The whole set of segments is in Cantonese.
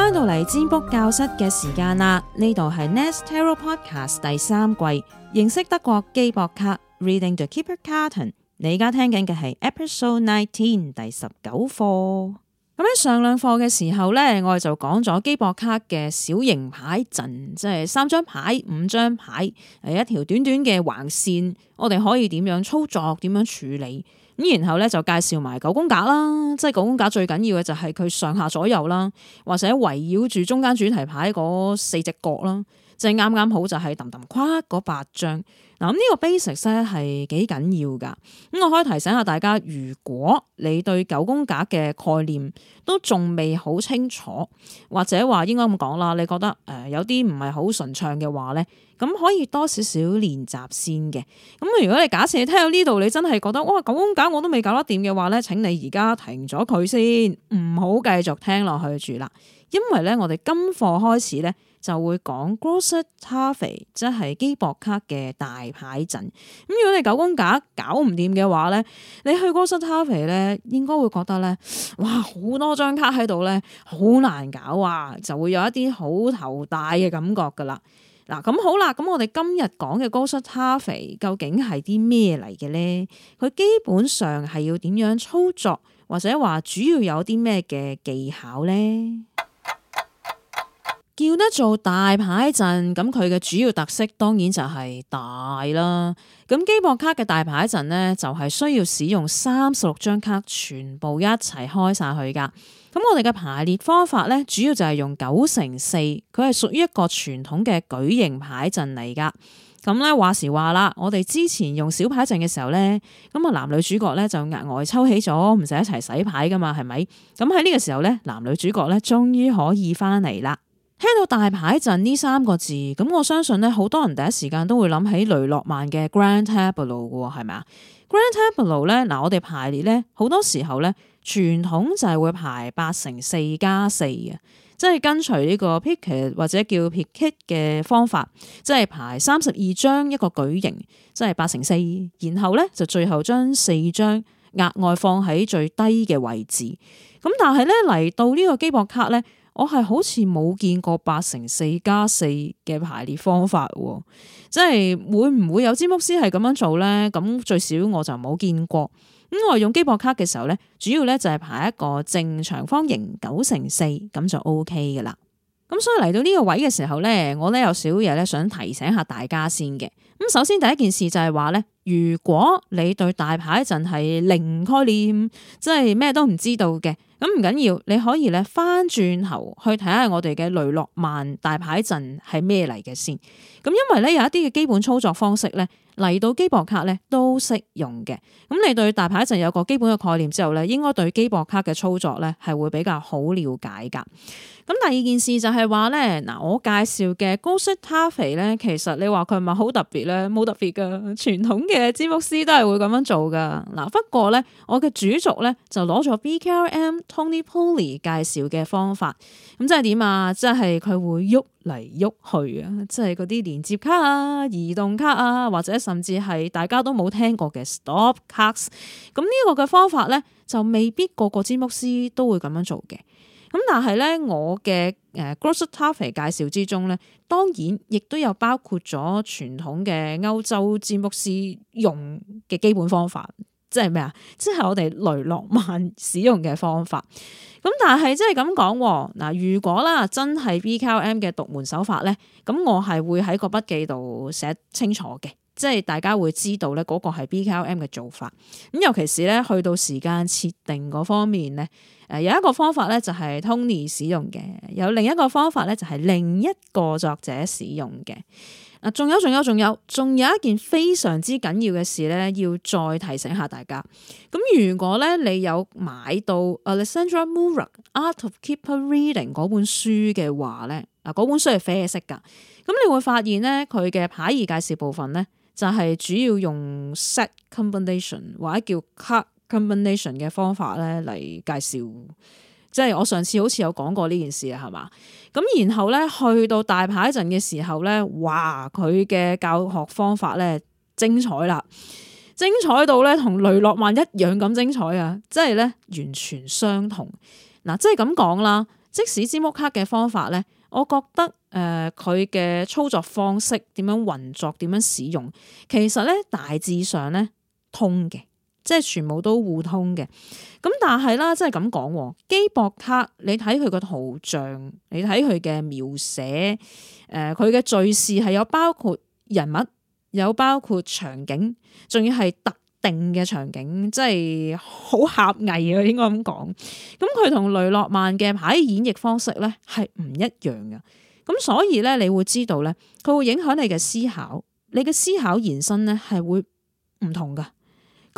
翻到嚟佔卜教室嘅時間啦，呢度係 Nest Terror Podcast 第三季。認識德國基博卡 Reading the Keeper Carton，你而家聽緊嘅係 Episode Nineteen 第十九課。咁喺上兩課嘅時候呢，我哋就講咗基博卡嘅小型牌陣，即係三張牌、五張牌，誒一條短短嘅橫線，我哋可以點樣操作，點樣處理？咁然後咧就介紹埋九宮格啦，即係九宮格最緊要嘅就係佢上下左右啦，或者圍繞住中間主題牌嗰四隻角啦。正啱啱好就係揼揼跨嗰八張嗱，呢個 basic 咧係幾緊要噶。咁我可以提醒下大家，如果你對九宮格嘅概念都仲未好清楚，或者話應該咁講啦，你覺得誒有啲唔係好順暢嘅話咧，咁可以多少少練習先嘅。咁如果你假設你聽到呢度，你真係覺得哇九宮格我都未搞得掂嘅話咧，請你而家停咗佢先，唔好繼續聽落去住啦。因為咧，我哋今課開始咧。就會講 Grosse Tafel，即係機博卡嘅大牌陣。咁如果你九宮格搞唔掂嘅話咧，你去 Grosse Tafel 咧，應該會覺得咧，哇，好多張卡喺度咧，好難搞啊，就會有一啲好頭大嘅感覺噶啦。嗱，咁好啦，咁我哋今日講嘅 Grosse Tafel 究竟係啲咩嚟嘅咧？佢基本上係要點樣操作，或者話主要有啲咩嘅技巧咧？叫得做大牌陣，咁佢嘅主要特色當然就係大啦。咁機博卡嘅大牌陣呢，就係需要使用三十六張卡，全部一齊開晒佢噶。咁我哋嘅排列方法呢，主要就係用九乘四，佢係屬於一個傳統嘅矩形牌陣嚟噶。咁咧話時話啦，我哋之前用小牌陣嘅時候呢，咁啊男女主角呢，就額外抽起咗，唔使一齊洗牌噶嘛，係咪？咁喺呢個時候呢，男女主角呢，終於可以翻嚟啦。聽到大牌陣呢三個字，咁我相信咧，好多人第一時間都會諗起雷諾曼嘅 Grand Tableau 嘅喎，係咪啊？Grand Tableau 咧，嗱我哋排列咧，好多時候咧，傳統就係會排八乘四加四嘅，即係跟隨呢個 Piquet 或者叫 Piquet 嘅方法，即係排三十二張一個矩形，即係八乘四，然後咧就最後將四張額外放喺最低嘅位置。咁但係咧，嚟到呢個基博卡咧。我係好似冇見過八乘四加四嘅排列方法喎、啊，即係會唔會有占卜師係咁樣做咧？咁最少我就冇見過。咁、嗯、我用機博卡嘅時候咧，主要咧就係排一個正長方形九乘四，咁就 O K 嘅啦。咁所以嚟到呢個位嘅時候咧，我咧有少嘢咧想提醒下大家先嘅。咁首先第一件事就係話咧，如果你對大牌陣係零概念，即係咩都唔知道嘅，咁唔緊要，你可以咧翻轉頭去睇下我哋嘅雷諾曼大牌陣係咩嚟嘅先。咁因為咧有一啲嘅基本操作方式咧。嚟到基博卡咧都識用嘅，咁你對大牌陣有個基本嘅概念之後咧，應該對基博卡嘅操作咧係會比較好了解噶。咁第二件事就係話咧，嗱我介紹嘅高息他肥咧，其實你話佢係咪好特別咧？冇特別噶，傳統嘅占卜師都係會咁樣做噶。嗱，不過咧我嘅主軸咧就攞咗 B K M Tony p o l y 介紹嘅方法，咁即係點啊？即係佢會喐。嚟喐去啊，即係嗰啲連接卡啊、移動卡啊，或者甚至係大家都冇聽過嘅 stop 卡。咁呢個嘅方法呢，就未必個個占卜師都會咁樣做嘅。咁但係呢，我嘅誒 gross tariff 介紹之中呢，當然亦都有包括咗傳統嘅歐洲占卜師用嘅基本方法。即係咩啊？即係我哋雷諾曼使用嘅方法。咁但係即係咁講喎，嗱如果啦真係 BKLM 嘅獨門手法咧，咁我係會喺個筆記度寫清楚嘅，即係大家會知道咧嗰個係 BKLM 嘅做法。咁尤其是咧去到時間設定嗰方面咧，誒有一個方法咧就係 Tony 使用嘅，有另一個方法咧就係另一個作者使用嘅。啊！仲有仲有仲有，仲有一件非常之緊要嘅事咧，要再提醒下大家。咁如果咧你有買到《Alexandra Mura Art of Keep Reading》嗰本書嘅話咧，嗱嗰本書係啡色噶，咁你會發現咧佢嘅牌意介紹部分咧就係主要用 set combination 或者叫 cut combination 嘅方法咧嚟介紹。即係我上次好似有講過呢件事係嘛？咁然後咧去到大牌陣嘅時候咧，哇佢嘅教學方法咧精彩啦，精彩到咧同雷諾曼一樣咁精彩啊！即係咧完全相同，嗱即係咁講啦。即使支木卡嘅方法咧，我覺得誒佢嘅操作方式點樣運作點樣使用，其實咧大致上咧通嘅。即係全部都互通嘅，咁但係啦，即係咁講，基博卡，你睇佢個圖像，你睇佢嘅描寫，誒、呃，佢嘅敘事係有包括人物，有包括場景，仲要係特定嘅場景，即係好狹隘啊，應該咁講。咁佢同雷諾曼嘅牌演繹方式咧係唔一樣噶，咁所以咧，你會知道咧，佢會影響你嘅思考，你嘅思考延伸咧係會唔同噶。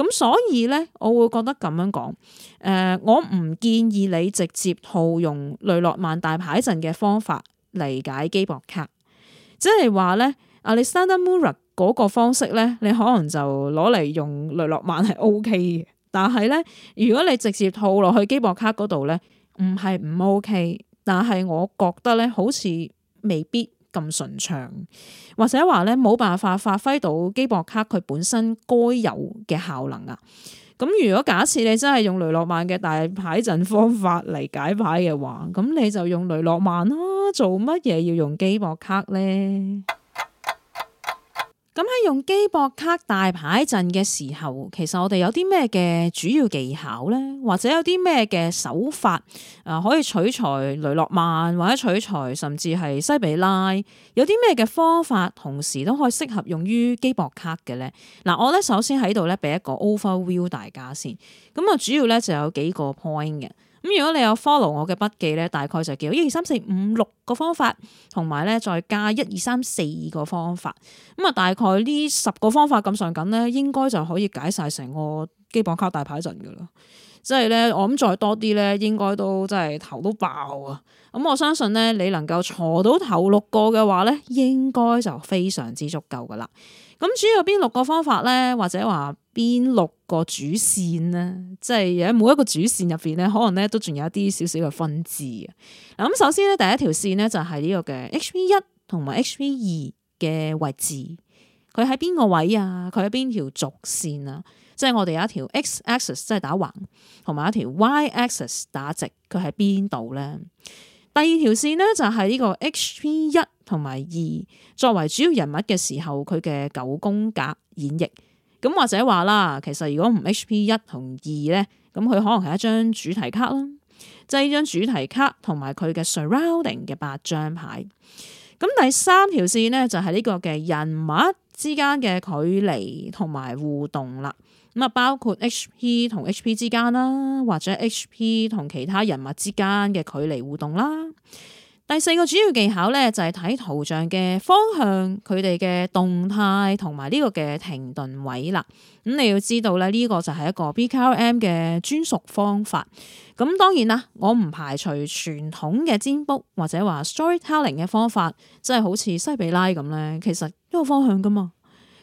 咁所以咧，我會覺得咁樣講，誒、呃，我唔建議你直接套用雷諾曼大牌陣嘅方法嚟解機博卡，即係話咧，Alexander Mura 嗰個方式咧，你可能就攞嚟用雷諾曼係 OK 嘅，但係咧，如果你直接套落去機博卡嗰度咧，唔係唔 OK，但係我覺得咧，好似未必咁順暢，或者話咧，冇辦法發揮到基博卡佢本身該有嘅效能啊！咁如果假設你真係用雷諾曼嘅大牌陣方法嚟解牌嘅話，咁你就用雷諾曼啦，做乜嘢要用基博卡咧？咁喺用基博卡大牌陣嘅時候，其實我哋有啲咩嘅主要技巧呢？或者有啲咩嘅手法啊、呃，可以取材雷諾曼或者取材，甚至係西比拉，有啲咩嘅方法，同時都可以適合用於基博卡嘅呢？嗱、呃，我呢首先喺度咧俾一個 overview 大家先，咁、呃、啊，主要呢就有幾個 point 嘅。咁如果你有 follow 我嘅筆記咧，大概就叫做一二三四五六個方法，同埋咧再加一二三四個方法，咁啊大概呢十個方法咁上緊咧，應該就可以解晒成個基本卡大牌陣噶啦。即係咧，我諗再多啲咧，應該都即係頭都爆啊。咁我相信咧，你能夠做到頭六個嘅話咧，應該就非常之足夠噶啦。咁主要有邊六個方法呢？或者話邊六個主線呢？即係喺每一個主線入邊呢，可能呢都仲有一啲少少嘅分枝啊。嗱，咁首先呢，第一條線呢，就係呢個嘅 H V 一同埋 H V 二嘅位置，佢喺邊個位啊？佢喺邊條軸線啊？即係我哋有一條 X axis 即係打橫，同埋一條 Y axis 打直，佢喺邊度呢？第二條線呢，就係、是、呢個 H.P. 一同埋二作為主要人物嘅時候，佢嘅九宮格演繹。咁或者話啦，其實如果唔 H.P. 一同二呢，咁佢可能係一張主題卡啦，即係呢張主題卡同埋佢嘅 surrounding 嘅八張牌。咁第三條線呢，就係、是、呢個嘅人物之間嘅距離同埋互動啦。咁啊，包括 H.P. 同 H.P. 之間啦，或者 H.P. 同其他人物之間嘅距離互動啦。第四個主要技巧咧，就係睇圖像嘅方向，佢哋嘅動態同埋呢個嘅停頓位啦。咁、嗯、你要知道咧，呢、這個就係一個 BKM 嘅專屬方法。咁、嗯、當然啦，我唔排除傳統嘅占卜或者話 storytelling 嘅方法，即、就、係、是、好似西比拉咁咧，其實一個方向噶嘛。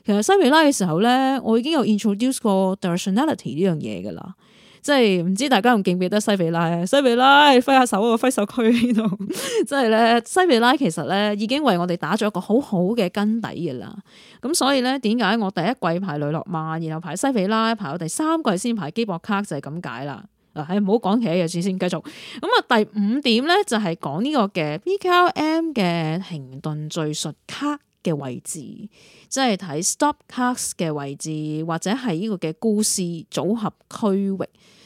其實西比拉嘅時候咧，我已經有 introduce 過 directionality 呢樣嘢噶啦，即係唔知大家仲記唔記得西比拉？西比拉揮下手啊，揮手區呢度，即係咧西比拉其實咧已經為我哋打咗一個好好嘅根底噶啦，咁所以咧點解我第一季排雷諾曼，然後排西比拉，排到第三季先排機博卡就係咁解啦。嗱、哎，唔好講其他嘢先，先繼續。咁啊，第五點咧就係講呢個嘅 b k、L、M 嘅停頓敘述卡。嘅位置，即係睇 stop cuts 嘅位置，或者係呢個嘅故事組合區域，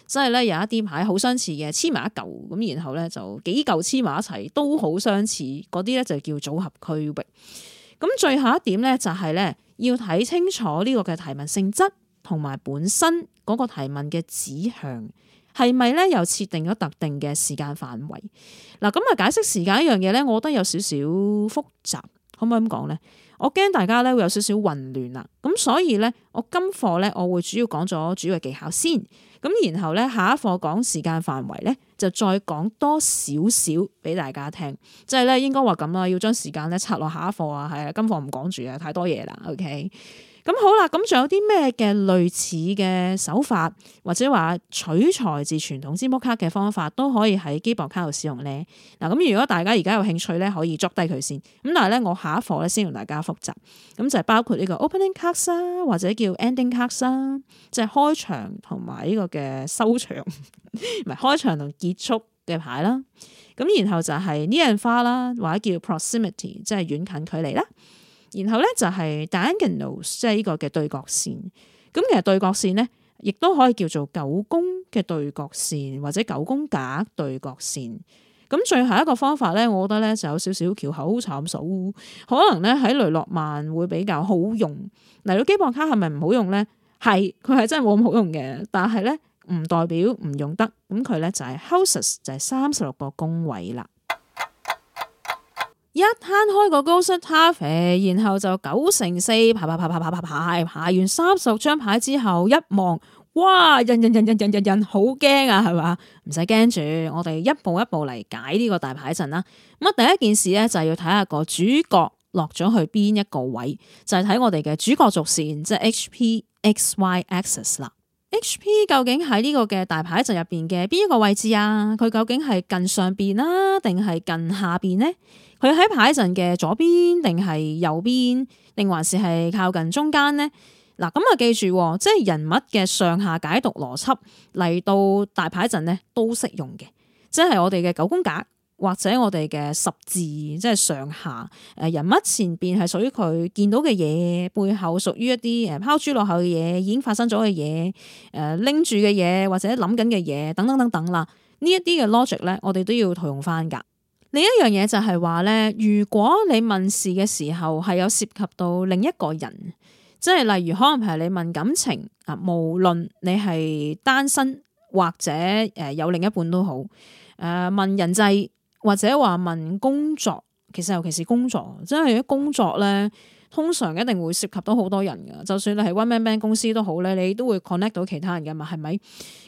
即係呢，有一啲牌好相似嘅，黐埋一嚿咁，然後呢，就幾嚿黐埋一齊都好相似。嗰啲呢，就叫組合區域。咁最後一點呢，就係呢，要睇清楚呢個嘅提問性質，同埋本身嗰個提問嘅指向係咪呢？是是又設定咗特定嘅時間範圍嗱。咁啊，解釋時間呢樣嘢呢，我覺得有少少複雜。可唔可以咁講咧？我驚大家咧會有少少混亂啦，咁所以咧，我今課咧我會主要講咗主要嘅技巧先，咁然後咧下一課講時間範圍咧就再講多少少俾大家聽，即係咧應該話咁啦，要將時間咧拆落下,下一課啊，係啊，今課唔講住啊，太多嘢啦，OK。咁好啦，咁仲有啲咩嘅類似嘅手法，或者話取材自傳統紙撲卡嘅方法，都可以喺機博卡度使用咧。嗱，咁如果大家而家有興趣咧，可以捉低佢先。咁但係咧，我下一課咧先同大家複習。咁就係、是、包括呢個 opening cards 啦，或者叫 ending cards 啦，即係開場同埋呢個嘅收場，唔 係開場同結束嘅牌啦。咁然後就係呢樣花啦，或者叫 proximity，即係遠近距離啦。然後咧就係 diagonal 即係呢個嘅對角線，咁其實對角線咧，亦都可以叫做九宮嘅對角線或者九宮格對角線。咁最後一個方法咧，我覺得咧就有少少橋口好抄手，可能咧喺雷諾曼會比較好用。嚟到基博卡係咪唔好用咧？係，佢係真係冇咁好用嘅，但係咧唔代表唔用得。咁佢咧就係 Houses 就係三十六個宮位啦。一攤開個高數塔，誒，然後就九乘四，爬爬爬，爬排排排排完三十張牌之後，一望，哇，人,人、人,人,人,人、人、人、人、人，印，好驚啊，係嘛？唔使驚住，我哋一步一步嚟解呢個大牌陣啦。咁啊，第一件事咧就係要睇下個主角落咗去邊一個位，就係、是、睇我哋嘅主角軸線，即、就、係、是、H P X Y Axis 啦。H P 究竟喺呢個嘅大牌陣入邊嘅邊一個位置啊？佢究竟係近上邊啦、啊，定係近下邊呢？佢喺牌陣嘅左邊，定係右邊，定還是係靠近中間呢？嗱，咁啊，記住，即係人物嘅上下解讀邏輯嚟到大牌陣呢，都適用嘅。即係我哋嘅九宮格，或者我哋嘅十字，即係上下，誒人物前邊係屬於佢見到嘅嘢，背後屬於一啲誒拋諸落後嘅嘢，已經發生咗嘅嘢，誒拎住嘅嘢，或者諗緊嘅嘢，等等等等啦。呢一啲嘅 logic 咧，我哋都要套用翻噶。另一樣嘢就係話咧，如果你問事嘅時候係有涉及到另一個人，即係例如可能係你問感情啊，無論你係單身或者誒、呃、有另一半都好，誒、呃、問人際或者話問工作，其實尤其是工作，即係工作咧，通常一定會涉及到好多人噶。就算你係 one man band 公司都好咧，你都會 connect 到其他人㗎嘛，係咪？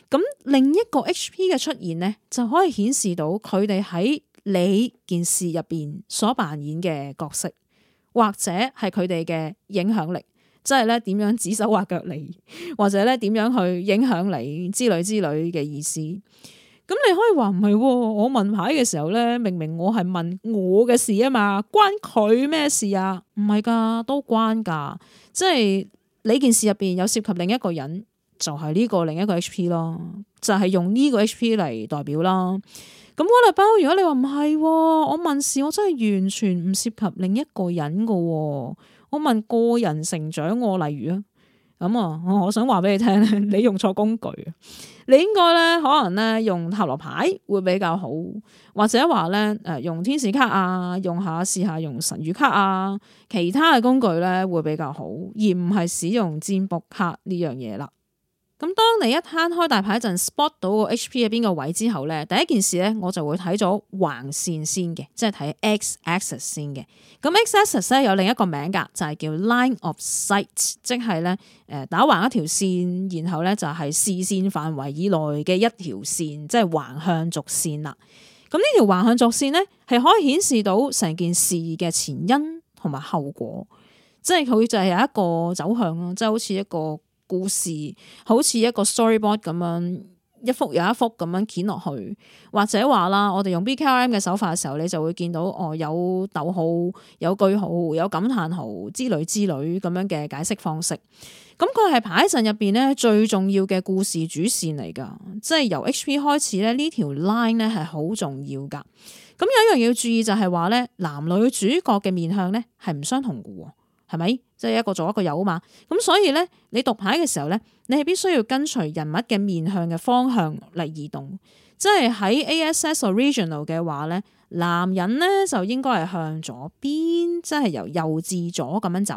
咁另一個 HP 嘅出現咧，就可以顯示到佢哋喺你件事入邊所扮演嘅角色，或者係佢哋嘅影響力，即係咧點樣指手畫腳你，或者咧點樣去影響你之類之類嘅意思。咁、嗯、你可以話唔係，我問牌嘅時候咧，明明我係問我嘅事啊嘛，關佢咩事啊？唔係噶，都關噶，即係你件事入邊有涉及另一個人。就係呢個另一個 H P 咯，就係用呢個 H P 嚟代表啦。咁哈利波特，如果你話唔係，我問事，我真係完全唔涉及另一個人噶。我問個人成長我，我例如啊，咁啊，我想話俾你聽，你用錯工具，你應該咧可能咧用塔羅牌會比較好，或者話咧誒用天使卡啊，用下試下用神諭卡啊，其他嘅工具咧會比較好，而唔係使用占卜卡呢樣嘢啦。咁當你一攤開大牌一陣 spot 到個 HP 喺邊個位之後咧，第一件事咧，我就會睇咗橫線先嘅，即係睇 X-axis 先嘅。咁 X-axis 咧有另一個名噶，就係叫 line of sight，即係咧誒打橫一條線，然後咧就係視線範圍以內嘅一條線，即係橫向軸線啦。咁呢條橫向軸線咧係可以顯示到成件事嘅前因同埋後果，即係佢就係有一個走向咯，即係好似一個。故事好似一個 storyboard 咁樣，一幅又一幅咁樣攣落去，或者話啦，我哋用 BKM 嘅手法嘅時候，你就會見到哦，有逗號、有句號、有感嘆號之類之類咁樣嘅解釋方式。咁佢係排陣入邊呢，最重要嘅故事主線嚟噶，即係由 HP 開始咧呢條 line 呢係好重要噶。咁有一樣要注意就係話呢，男女主角嘅面向呢係唔相同嘅喎。係咪即係一個左一個右嘛？咁所以咧，你讀牌嘅時候咧，你係必須要跟隨人物嘅面向嘅方向嚟移動。即係喺 ASS original 嘅話咧，男人咧就應該係向左邊，即係由右至左咁樣走。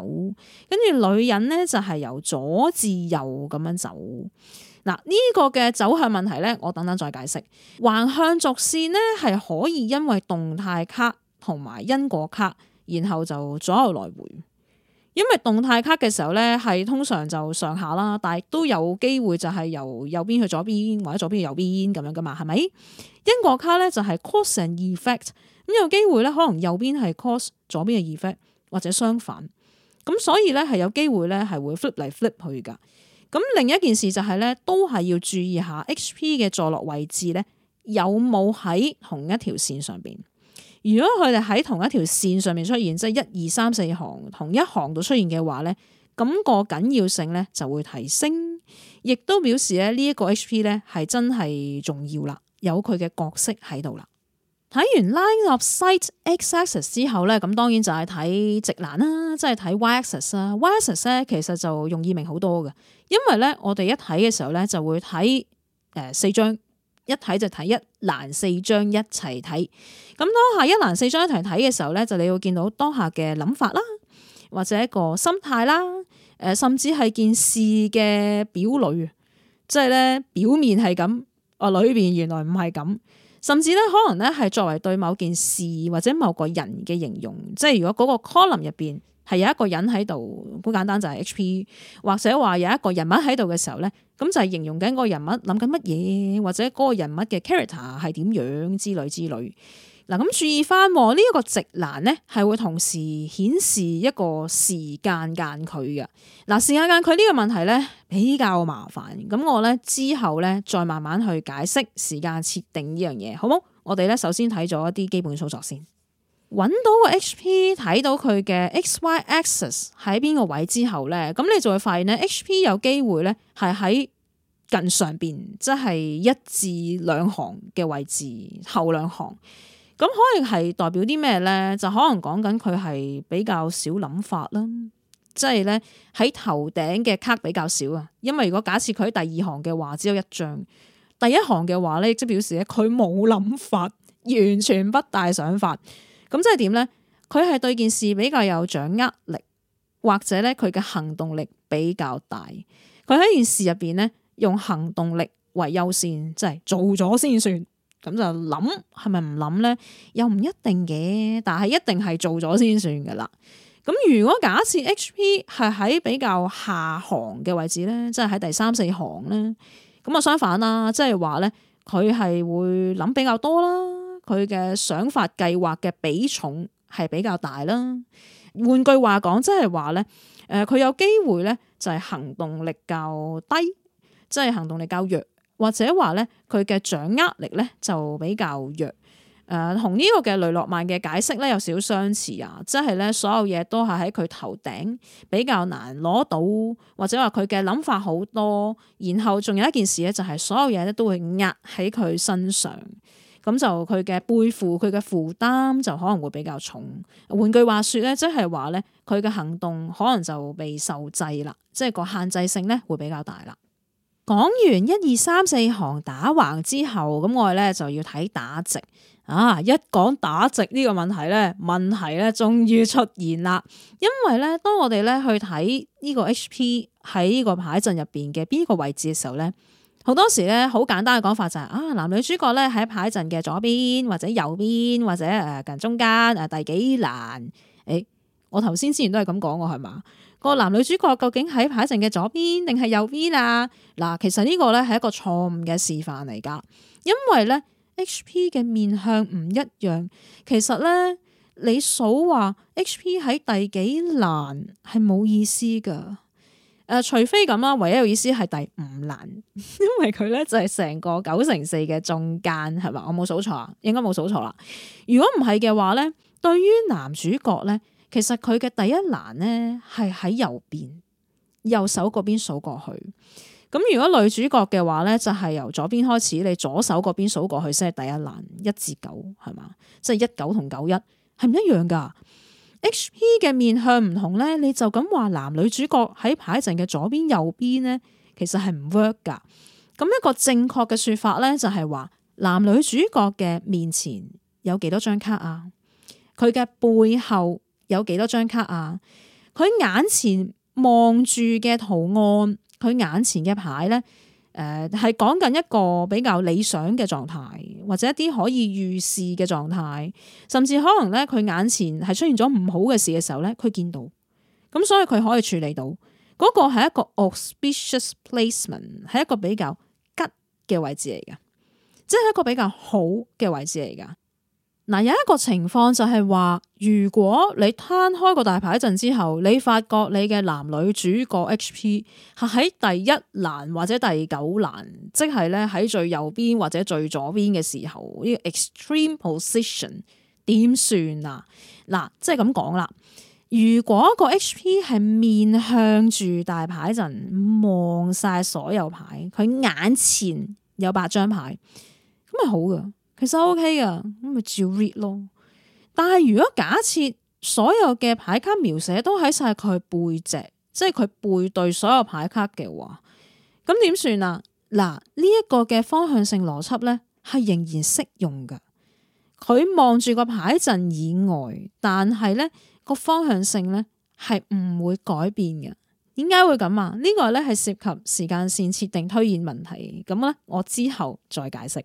跟住女人咧就係由左至右咁樣走。嗱，呢個嘅走向問題咧，我等等再解釋。橫向軸線呢，係可以因為動態卡同埋因果卡，然後就左右來回。因為動態卡嘅時候咧，係通常就上下啦，但係都有機會就係由右邊去左邊，或者左邊去右邊咁樣噶嘛，係咪？因果卡咧就係 cause and effect，咁有機會咧可能右邊係 cause，左邊嘅 effect，或者相反。咁所以咧係有機會咧係會 flip 嚟 flip 去噶。咁另一件事就係、是、咧都係要注意下 HP 嘅坐落位置咧有冇喺同一條線上邊。如果佢哋喺同一條線上面出現，即係一二三四行同一行度出現嘅話呢，咁個緊要性呢就會提升，亦都表示咧，呢一個 H.P 呢係真係重要啦，有佢嘅角色喺度啦。睇完 line of sight axis 之後呢，咁當然就係睇直欄啦，即係睇 y axis 啦。y axis 咧，其實就容易明好多嘅，因為呢我哋一睇嘅時候呢就會睇誒四張。一睇就睇一欄四張一齊睇，咁當下一欄四張一齊睇嘅時候咧，就你會見到當下嘅諗法啦，或者一個心態啦，誒，甚至係件事嘅表裏，即係咧表面係咁，哦，裏面原來唔係咁，甚至咧可能咧係作為對某件事或者某個人嘅形容，即係如果嗰個 column 入邊，係有一個人喺度，好簡單就係、是、HP，或者話有一個人物喺度嘅時候呢，咁就係形容緊嗰個人物諗緊乜嘢，或者嗰個人物嘅 character 係點樣之類之類。嗱咁注意返呢一、這個直欄呢係會同時顯示一個時間間距嘅。嗱時間間距呢個問題呢比較麻煩，咁我呢之後呢，再慢慢去解釋時間設定呢樣嘢，好冇？我哋呢首先睇咗一啲基本操作先。搵到個 H P 睇到佢嘅 X Y axis 喺邊個位之後咧，咁你就會發現咧，H P 有機會咧係喺近上邊，即係一至兩行嘅位置後兩行，咁可能係代表啲咩咧？就可能講緊佢係比較少諗法啦，即係咧喺頭頂嘅卡比較少啊。因為如果假設佢喺第二行嘅話，只有一張；第一行嘅話咧，亦即表示咧佢冇諗法，完全不帶想法。咁即係點咧？佢係對件事比較有掌握力，或者咧佢嘅行動力比較大。佢喺件事入邊咧，用行動力為優先，即係做咗先算。咁就諗係咪唔諗咧？又唔一定嘅，但係一定係做咗先算噶啦。咁如果假設 HP 係喺比較下行嘅位置咧，即係喺第三四行咧，咁啊相反啦，即係話咧佢係會諗比較多啦。佢嘅想法計劃嘅比重係比較大啦。換句話講，即係話咧，誒、呃，佢有機會咧就係、是、行動力較低，即、就、係、是、行動力較弱，或者話咧佢嘅掌握力咧就比較弱。誒、呃，同呢個嘅雷諾曼嘅解釋咧有少少相似啊！即係咧，所有嘢都係喺佢頭頂比較難攞到，或者話佢嘅諗法好多。然後仲有一件事咧，就係、是、所有嘢咧都會壓喺佢身上。咁就佢嘅背負，佢嘅負擔就可能會比較重。換句話說咧，即係話咧，佢嘅行動可能就被受制啦，即係個限制性咧會比較大啦。講完一二三四行打橫行之後，咁我哋咧就要睇打直。啊，一講打直呢個問題咧，問題咧終於出現啦。因為咧，當我哋咧去睇呢個 HP 喺呢個牌陣入邊嘅邊一個位置嘅時候咧。好多時咧，好簡單嘅講法就係、是、啊，男女主角咧喺牌陣嘅左邊或者右邊或者誒、呃、近中間誒第幾欄？誒、欸，我頭先之前都係咁講嘅係嘛？個男女主角究竟喺牌陣嘅左邊定係右邊呀？嗱，其實呢個咧係一個錯誤嘅示範嚟噶，因為咧 HP 嘅面向唔一樣，其實咧你數話 HP 喺第幾欄係冇意思噶。誒，除非咁啦，唯一有意思係第五欄，因為佢咧就係成個九乘四嘅中間係咪？我冇數錯，應該冇數錯啦。如果唔係嘅話咧，對於男主角咧，其實佢嘅第一欄咧係喺右邊右手嗰邊數過去。咁如果女主角嘅話咧，就係、是、由左邊開始，你左手嗰邊數過去先係第一欄，一至九係嘛，即係一九同九一係唔一樣噶。HP 嘅面向唔同咧，你就咁話男女主角喺牌陣嘅左邊、右邊咧，其實係唔 work 噶。咁一個正確嘅說法咧，就係話男女主角嘅面前有幾多張卡啊？佢嘅背後有幾多張卡啊？佢眼前望住嘅圖案，佢眼前嘅牌咧。誒係講緊一個比較理想嘅狀態，或者一啲可以預視嘅狀態，甚至可能咧佢眼前係出現咗唔好嘅事嘅時候咧，佢見到，咁所以佢可以處理到嗰個係一個 auspicious placement，係一個比較吉嘅位置嚟噶，即係一個比較好嘅位置嚟噶。嗱，有一個情況就係話，如果你攤開個大牌陣之後，你發覺你嘅男女主角 HP 係喺第一欄或者第九欄，即係咧喺最右邊或者最左邊嘅時候，這個、position，呢個 extreme position 點算啊？嗱，即係咁講啦，如果個 HP 係面向住大牌陣，望晒所有牌，佢眼前有八張牌，咁係好噶。其實 OK 噶，咁咪照 read 咯。但係如果假設所有嘅牌卡描寫都喺晒佢背脊，即係佢背對所有牌卡嘅話，咁點算啊？嗱，呢一個嘅方向性邏輯咧，係仍然適用噶。佢望住個牌陣以外，但係咧個方向性咧係唔會改變嘅。點解會咁啊？呢個咧係涉及時間線設定推演問題，咁咧我之後再解釋。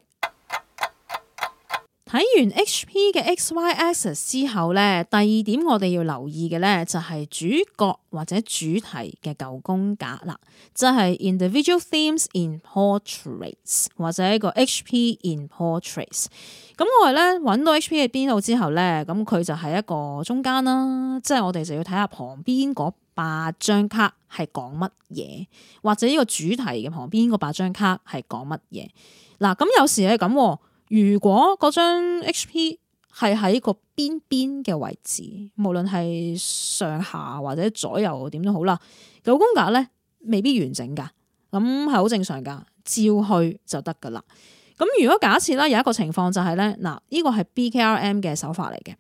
睇完 H P 嘅 X Y Axis 之後咧，第二點我哋要留意嘅咧就係主角或者主題嘅九宮格啦，即係 Individual Themes in Portraits 或者一個 H P in Portraits。咁我哋咧揾到 H P 喺邊度之後咧，咁佢就係一個中間啦，即係我哋就要睇下旁邊嗰八張卡係講乜嘢，或者呢個主題嘅旁邊嗰八張卡係講乜嘢。嗱，咁有時係咁啊。如果嗰張 HP 係喺個邊邊嘅位置，無論係上下或者左右，點都好啦，九宮格咧未必完整噶，咁係好正常噶，照去就得噶啦。咁如果假設咧有一個情況就係、是、咧，嗱呢個係 BKRM 嘅手法嚟嘅，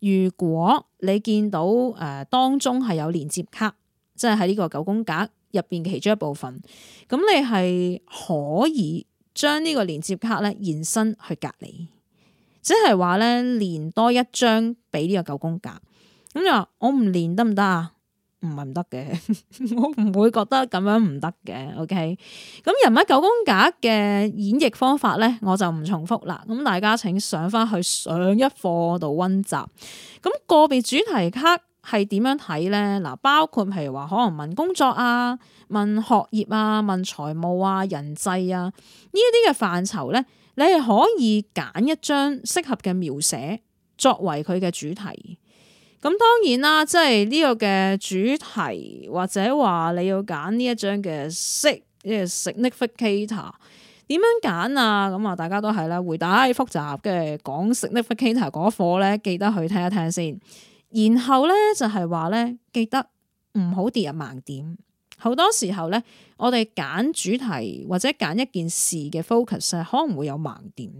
如果你見到誒、呃、當中係有連接卡，即係喺呢個九宮格入邊嘅其中一部分，咁你係可以。將呢個連接卡咧延伸去隔離，即係話咧連多一張俾呢個九宮格。咁就話我唔連得唔得啊？唔係唔得嘅，不不 我唔會覺得咁樣唔得嘅。OK，咁人物九宮格嘅演繹方法咧，我就唔重複啦。咁大家請上翻去上一課度溫習。咁、那個別主題卡。係點樣睇咧？嗱，包括譬如話可能問工作啊、問學業啊、問財務啊、人際啊呢一啲嘅範疇咧，你係可以揀一張適合嘅描寫作為佢嘅主題。咁當然啦，即係呢個嘅主題或者話你要揀呢一張嘅色，即係 Significator 點樣揀啊？咁啊，大家都係啦，回答複雜，跟住講 Significator 嗰課咧，記得去聽一聽先。然後咧，就係話咧，記得唔好跌入盲點。好多時候咧，我哋揀主題或者揀一件事嘅 focus，可能會有盲點。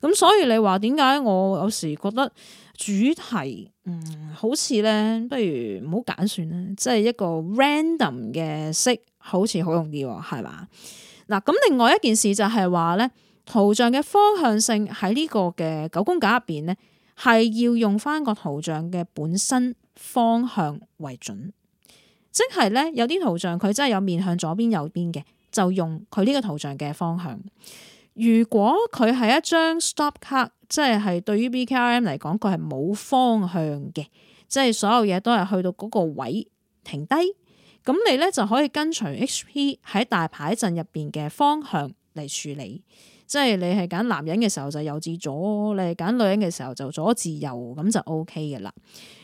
咁所以你話點解我有時覺得主題，嗯，好似咧，不如唔好揀算啦。即係一個 random 嘅色，好似好容易係啊嘛？嗱，咁另外一件事就係話咧，圖像嘅方向性喺呢個嘅九宮格入邊咧，係要用翻個圖像嘅本身方向為準，即係咧有啲圖像佢真係有面向左邊右邊嘅，就用佢呢個圖像嘅方向。如果佢係一張 stop 卡，即係係對於 BKRM 嚟講，佢係冇方向嘅，即係所有嘢都係去到嗰個位停低。咁你咧就可以跟隨 HP 喺大牌陣入邊嘅方向嚟處理。即係你係揀男人嘅時候就右至左，你係揀女人嘅時候就左至右，咁就 O K 嘅啦。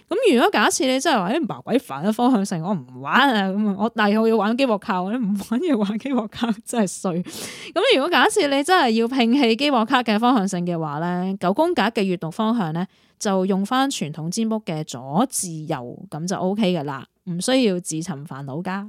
咁如果假設你真係話啲麻鬼煩嘅方向性，我唔玩啊！咁我但係我要玩機博卡，唔玩要玩機博卡真係衰。咁如果假設你真係要摒棄機博卡嘅方向性嘅話咧，九宮格嘅閲讀方向咧就用翻傳統占卜嘅左至右，咁就 O K 嘅啦，唔需要自尋煩惱噶。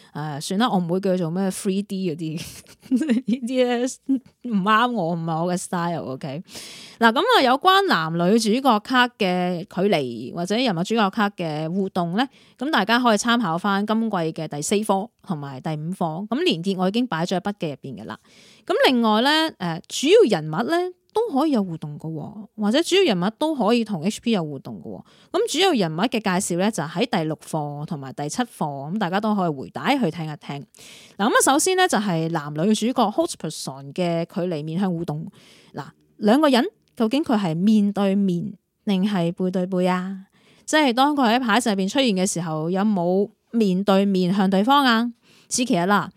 誒，uh, 算啦，我唔會叫做咩 three D 嗰啲。 些呢啲唔啱我，唔係我嘅 style。OK，嗱咁啊，有關男女主角卡嘅距離或者人物主角卡嘅互動咧，咁大家可以參考翻今季嘅第四課同埋第五課，咁連結我已經擺咗喺筆記入邊嘅啦。咁另外咧，誒、呃，主要人物咧，都可以有互動嘅，或者主要人物都可以同 H.P 有互動嘅。咁主要人物嘅介紹咧，就喺第六課同埋第七課，咁大家都可以回帶去聽一聽。嗱，咁啊，首先呢，就係男女主角 Hosperson 嘅距離面向互動。嗱，兩個人究竟佢係面對面，定係背對背啊？即係當佢喺牌上面出現嘅時候，有冇面對面向對方啊？此其一啊，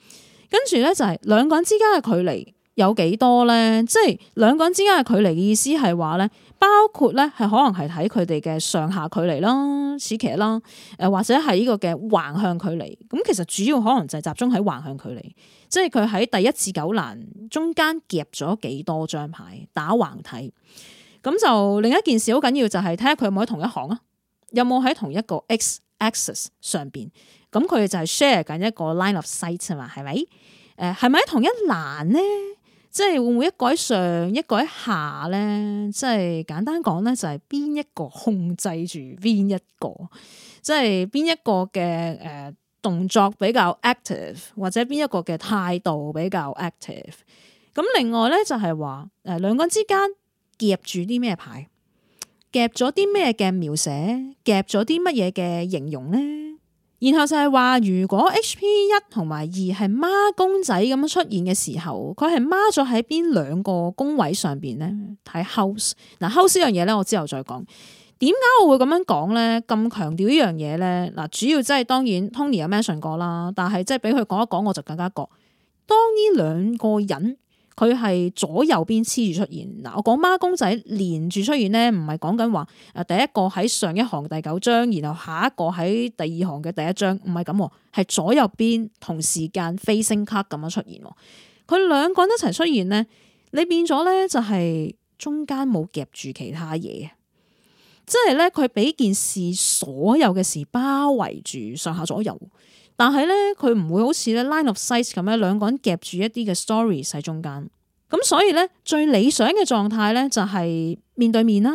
嗱，跟住咧就係兩個人之間嘅距離。有幾多咧？即係兩個人之間嘅距離嘅意思係話咧，包括咧係可能係睇佢哋嘅上下距離啦、斜斜啦，誒或者係呢個嘅橫向距離。咁其實主要可能就係集中喺橫向距離，即係佢喺第一至九欄中間夾咗幾多張牌打橫睇。咁就另一件事好緊要就係睇下佢有冇喺同一行啊，有冇喺同一個 x axis 上邊？咁佢就係 share 緊一個 line of sight 啊嘛，係、呃、咪？誒係咪喺同一欄咧？即係會唔會一改上，一改下咧？即係簡單講咧，就係、是、邊一個控制住邊一個？即係邊一個嘅誒、呃、動作比較 active，或者邊一個嘅態度比較 active？咁另外咧就係話誒兩個人之間夾住啲咩牌，夾咗啲咩嘅描寫，夾咗啲乜嘢嘅形容咧？然後就係話，如果 H P 一同埋二係孖公仔咁樣出現嘅時候，佢係孖咗喺邊兩個宮位上邊呢？睇 house 嗱，house 呢樣嘢咧，我之後再講。點解我會咁樣講咧？咁強調呢樣嘢咧？嗱，主要即係當然 Tony 有 mention 過啦，但係即係俾佢講一講，我就更加覺當呢兩個人。佢係左右邊黐住出現嗱，我講孖公仔連住出現呢，唔係講緊話誒，第一個喺上一行第九章，然後下一個喺第二行嘅第一張，唔係咁，係左右邊同時間飛星卡咁樣出現，佢兩個人一齊出現呢，你變咗呢，就係中間冇夾住其他嘢，即係呢，佢俾件事所有嘅事包圍住上下左右。但係咧，佢唔會好似咧 line of sight 咁咧，兩個人夾住一啲嘅 story 喺中間。咁所以咧，最理想嘅狀態咧就係面對面啦，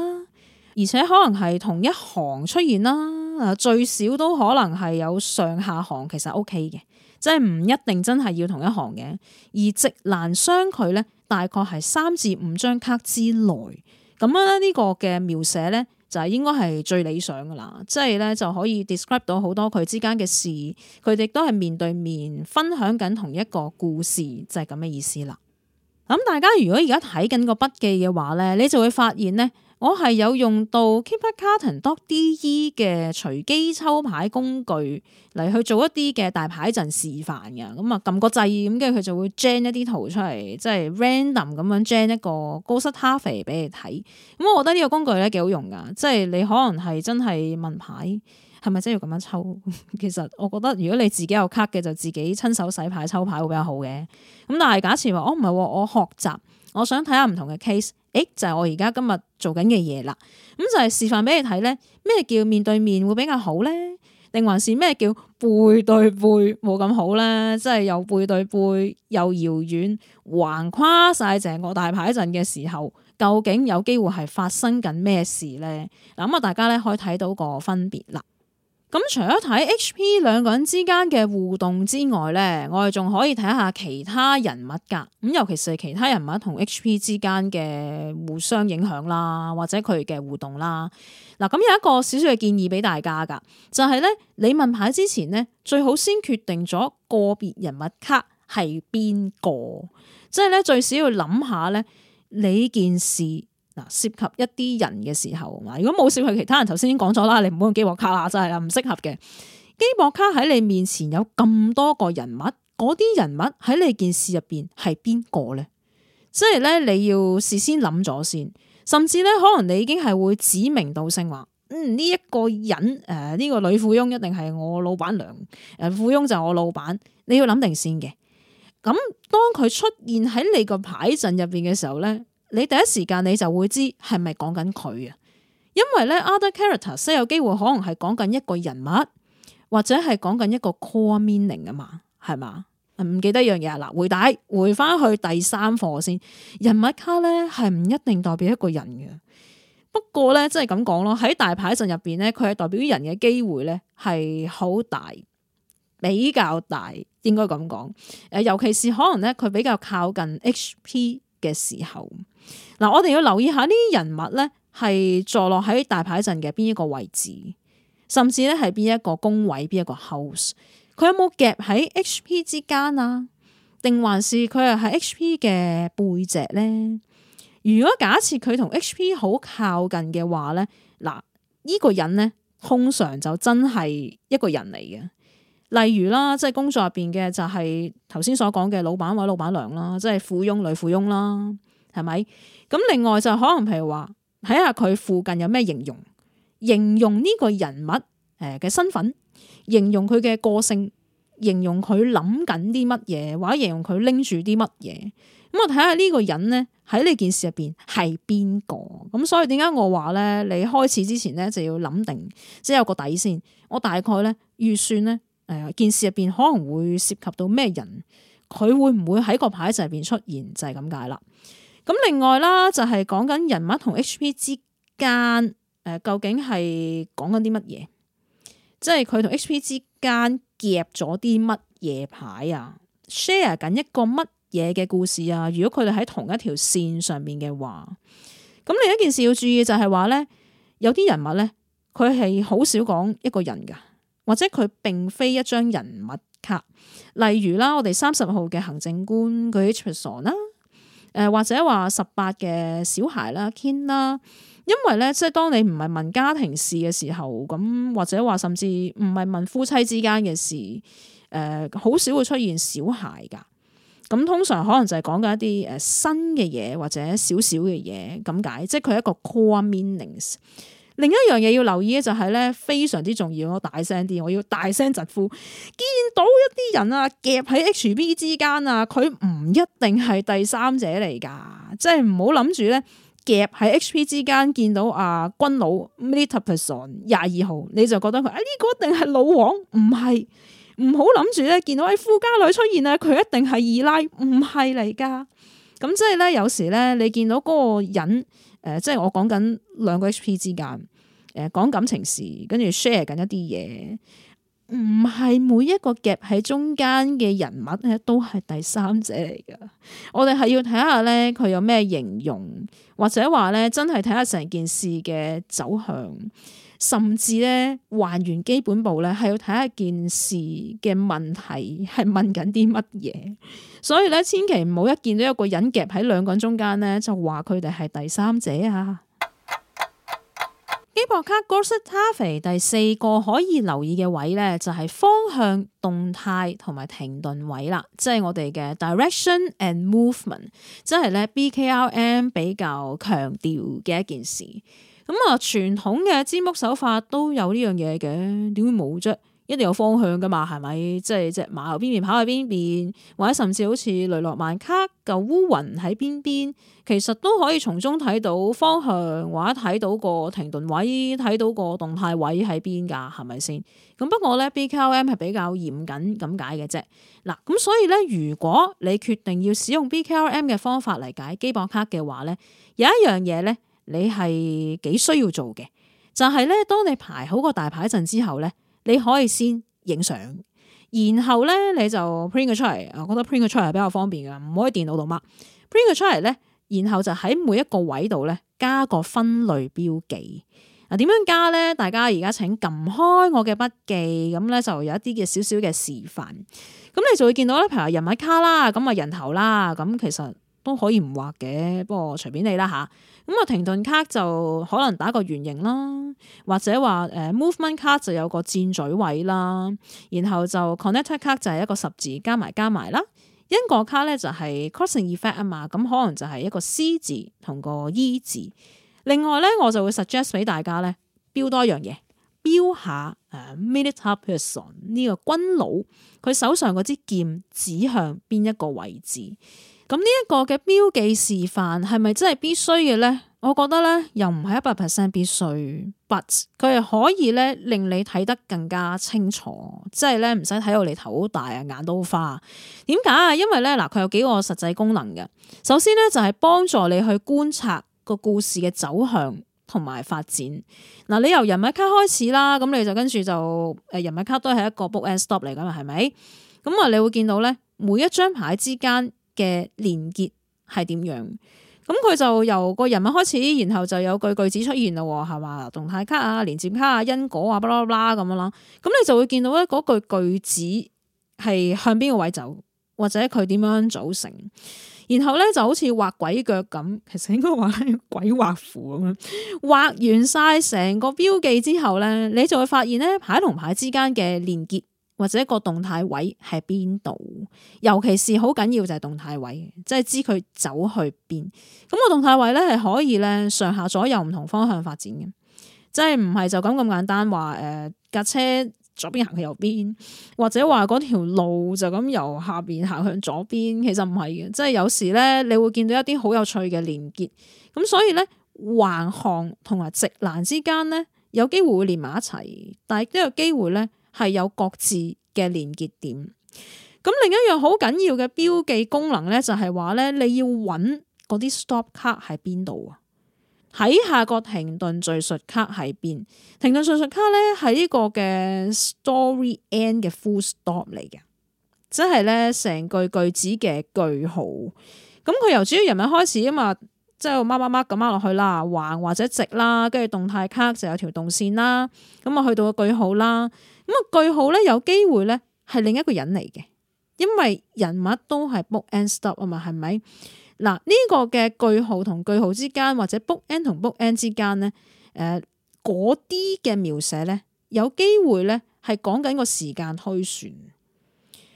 而且可能係同一行出現啦。啊，最少都可能係有上下行，其實 OK 嘅，即係唔一定真係要同一行嘅。而直難相距咧，大概係三至五張卡之內。咁啊，呢個嘅描寫咧。就係應該係最理想㗎喇，即係咧就可以 describe 到好多佢之間嘅事，佢哋都係面對面分享緊同一個故事，就係咁嘅意思啦。咁大家如果而家睇緊個筆記嘅話咧，你就會發現呢，我係有用到 Keepa Carton Dot D E 嘅隨機抽牌工具嚟去做一啲嘅大牌陣示範嘅，咁啊撳個掣，咁跟住佢就會 generate 一啲圖出嚟，即係 random 咁樣 generate 一個高失塔肥俾你睇。咁我覺得呢個工具咧幾好用噶，即係你可能係真係問牌，係咪真要咁樣抽？ 其實我覺得如果你自己有卡嘅，就自己親手洗牌抽牌會比較好嘅。咁但係假設話、哦哦，我唔係我學習，我想睇下唔同嘅 case。誒，就係我而家今日做緊嘅嘢啦，咁就係示範俾你睇咧，咩叫面對面會比較好咧？定還是咩叫背對背冇咁好咧？即係又背對背又遙遠，橫跨晒成個大牌陣嘅時候，究竟有機會係發生緊咩事咧？嗱，咁啊，大家咧可以睇到個分別啦。咁除咗睇 H.P. 兩個人之間嘅互動之外咧，我哋仲可以睇下其他人物噶。咁尤其是其他人物同 H.P. 之間嘅互相影響啦，或者佢嘅互動啦。嗱，咁有一個少少嘅建議俾大家噶，就係咧，你問牌之前咧，最好先決定咗個別人物卡係邊個，即係咧最少要諗下咧，你件事涉及一啲人嘅時候啊，如果冇涉及其他人，頭先已經講咗啦，你唔好用基博卡啦，真係唔適合嘅。基博卡喺你面前有咁多個人物，嗰啲人物喺你件事入邊係邊個咧？即係咧，你要事先諗咗先，甚至咧可能你已經係會指名道姓話，嗯呢一、呢個人誒呢、呃呢個女富翁一定係我老闆娘，誒、呃、富翁就係我老闆，你要諗定先嘅。咁當佢出現喺你個牌陣入邊嘅時候咧？你第一時間你就會知係咪講緊佢啊？因為咧，other characters 即有機會可能係講緊一個人物，或者係講緊一個 core meaning 啊嘛，係嘛？唔記得一樣嘢啊！嗱，回帶回翻去第三課先，人物卡咧係唔一定代表一個人嘅。不過咧，即係咁講咯，喺大牌陣入邊咧，佢係代表人嘅機會咧係好大，比較大應該咁講。誒、呃，尤其是可能咧，佢比較靠近 HP。嘅時候，嗱，我哋要留意下呢啲人物咧，係坐落喺大牌陣嘅邊一個位置，甚至咧係邊一個宮位，邊一個 house，佢有冇夾喺 HP 之間啊？定還是佢又係 HP 嘅背脊咧？如果假設佢同 HP 好靠近嘅話咧，嗱，呢個人咧通常就真係一個人嚟嘅。例如啦，即係工作入邊嘅就係頭先所講嘅老闆或者老闆娘啦，即係富翁、女富翁啦，係咪？咁另外就可能譬如話睇下佢附近有咩形容，形容呢個人物誒嘅身份，形容佢嘅個性，形容佢諗緊啲乜嘢，或者形容佢拎住啲乜嘢。咁我睇下呢個人呢，喺呢件事入邊係邊個咁，所以點解我話咧？你開始之前咧就要諗定，即係有個底先。我大概咧預算咧。誒、呃，件事入邊可能會涉及到咩人，佢會唔會喺個牌就入邊出現就係咁解啦。咁另外啦，就係講緊人物同 H P 之間誒、呃，究竟係講緊啲乜嘢？即係佢同 H P 之間夾咗啲乜嘢牌啊？share 緊一個乜嘢嘅故事啊？如果佢哋喺同一條線上面嘅話，咁另一件事要注意就係話咧，有啲人物咧，佢係好少講一個人噶。或者佢並非一張人物卡，例如啦，我哋三十號嘅行政官佢係傻啦，誒、呃、或者話十八嘅小孩啦，Ken 啦，King，因為咧，即係當你唔係問家庭事嘅時候，咁或者話甚至唔係問夫妻之間嘅事，誒、呃、好少會出現小孩㗎，咁通常可能就係講緊一啲誒新嘅嘢或者少少嘅嘢咁解，即係佢一個 core meanings。另一樣嘢要留意嘅就係咧非常之重要，我大聲啲，我要大聲疾呼，見到一啲人啊夾喺 H、B 之間啊，佢唔一定係第三者嚟噶，即係唔好諗住咧夾喺 H、P 之間見到啊君老 Meta Person 廿二號，你就覺得佢啊呢、呢個一定係老王，唔係，唔好諗住咧見到喺富、啊、家女出現啊，佢一定係二奶，唔係嚟噶。咁即係咧有時咧，你見到嗰個人，誒、呃，即係我講緊兩個 H、P 之間。誒，講感情事，跟住 share 緊一啲嘢，唔係每一個夾喺中間嘅人物咧，都係第三者嚟噶。我哋係要睇下咧，佢有咩形容，或者話咧，真係睇下成件事嘅走向，甚至咧還原基本步咧，係要睇下件事嘅問題係問緊啲乜嘢。所以咧，千祈唔好一見到一個人夾喺兩個人中間咧，就話佢哋係第三者啊！底部卡 Grosset 咖啡，第四個可以留意嘅位咧，就係方向動態同埋停頓位啦，即係我哋嘅 Direction and Movement，即係咧 BKRM 比較強調嘅一件事。咁啊，傳統嘅占卜手法都有，有呢樣嘢嘅，點會冇啫？一定有方向噶嘛，係咪？即係隻馬由邊邊跑去邊邊，或者甚至好似雷諾曼卡個烏雲喺邊邊，其實都可以從中睇到方向，或者睇到個停頓位，睇到個動態位喺邊㗎，係咪先？咁不過呢 B K O M 係比較嚴謹咁解嘅啫。嗱、啊，咁所以呢，如果你決定要使用 B K O M 嘅方法嚟解，解機博卡嘅話呢，有一樣嘢呢，你係幾需要做嘅，就係、是、呢，當你排好個大牌陣之後呢。你可以先影相，然後咧你就 print 佢出嚟，我覺得 print 佢出嚟係比較方便嘅，唔可以電腦度 mark，print 佢出嚟咧，然後就喺每一個位度咧加個分類標記。啊，點樣加咧？大家而家請撳開我嘅筆記，咁咧就有一啲嘅少少嘅示範。咁你就會見到咧，譬如話，人物卡啦，咁啊人頭啦，咁其實。都可以唔畫嘅，不過隨便你啦吓。咁啊，停頓卡就可能打個圓形啦，或者話誒、呃、movement 卡就有個箭嘴位啦。然後就 connector 卡就係一個十字加埋加埋啦。因果卡咧就係 crossing effect 啊嘛，咁可能就係一個 C 字同個 E 字。另外咧，我就會 suggest 俾大家咧，標多一樣嘢，標下誒、呃、minute up person 呢個軍佬，佢手上嗰支劍指向邊一個位置。咁呢一個嘅標記示範係咪真係必須嘅咧？我覺得咧又唔係一百 percent 必須，but 佢係可以咧令你睇得更加清楚，即係咧唔使睇到你頭好大啊，眼都花。點解啊？因為咧嗱，佢有幾個實際功能嘅。首先咧就係、是、幫助你去觀察個故事嘅走向同埋發展。嗱，你由人物卡開始啦，咁你就跟住就誒、呃、人物卡都係一個 book end stop 嚟噶嘛，係咪？咁啊你會見到咧每一張牌之間嘅連結係點樣？咁佢就由個人物開始，然後就有句句子出現啦，係嘛，動態卡啊、連接卡啊、因果啊，不啦啦咁樣啦。咁你就會見到咧句句子係向邊個位走，或者佢點樣組成？然後咧就好似畫鬼腳咁，其實應該話係鬼畫符咁樣。畫 完晒成個標記之後咧，你就會發現咧牌同牌之間嘅連結。或者個動態位係邊度？尤其是好緊要就係動態位，即係知佢走去邊。咁個動態位咧係可以咧上下左右唔同方向發展嘅，即係唔係就咁咁簡單話誒架車左邊行去右邊，或者話嗰條路就咁由下邊行向左邊，其實唔係嘅。即係有時咧，你會見到一啲好有趣嘅連結。咁所以咧橫巷同埋直欄之間咧，有機會會連埋一齊，但亦都有機會咧。係有各自嘅連結點。咁另一樣好緊要嘅標記功能咧，就係話咧，你要揾嗰啲 stop 卡喺邊度啊？喺下個停頓敘述卡喺邊？停頓敘述卡咧，係呢個嘅 story end 嘅 full stop 嚟嘅，即係咧成句句子嘅句號。咁佢由主要人物開始啊嘛，即係孖孖孖咁孖落去啦，橫或者直啦，跟住動態卡就有條動線啦，咁啊去到個句號啦。咁句號咧，有機會咧係另一個人嚟嘅，因為人物都係 book and stop 啊嘛，係咪？嗱呢個嘅句號同句號之間，或者 book end 同 book end 之間咧，誒嗰啲嘅描寫咧，有機會咧係講緊個時間推算，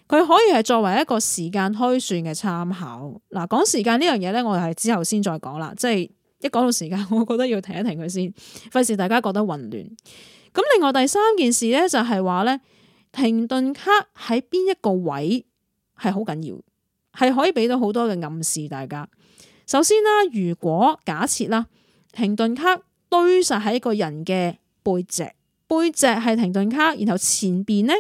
佢可以係作為一個時間推算嘅參考。嗱，講時間呢樣嘢咧，我係之後先再講啦，即係一講到時間，我覺得要停一停佢先，費事大家覺得混亂。咁另外第三件事咧，就係話咧，停頓卡喺邊一個位係好緊要，係可以俾到好多嘅暗示大家。首先啦，如果假設啦，停頓卡堆晒喺一個人嘅背脊，背脊係停頓卡，然後前邊呢，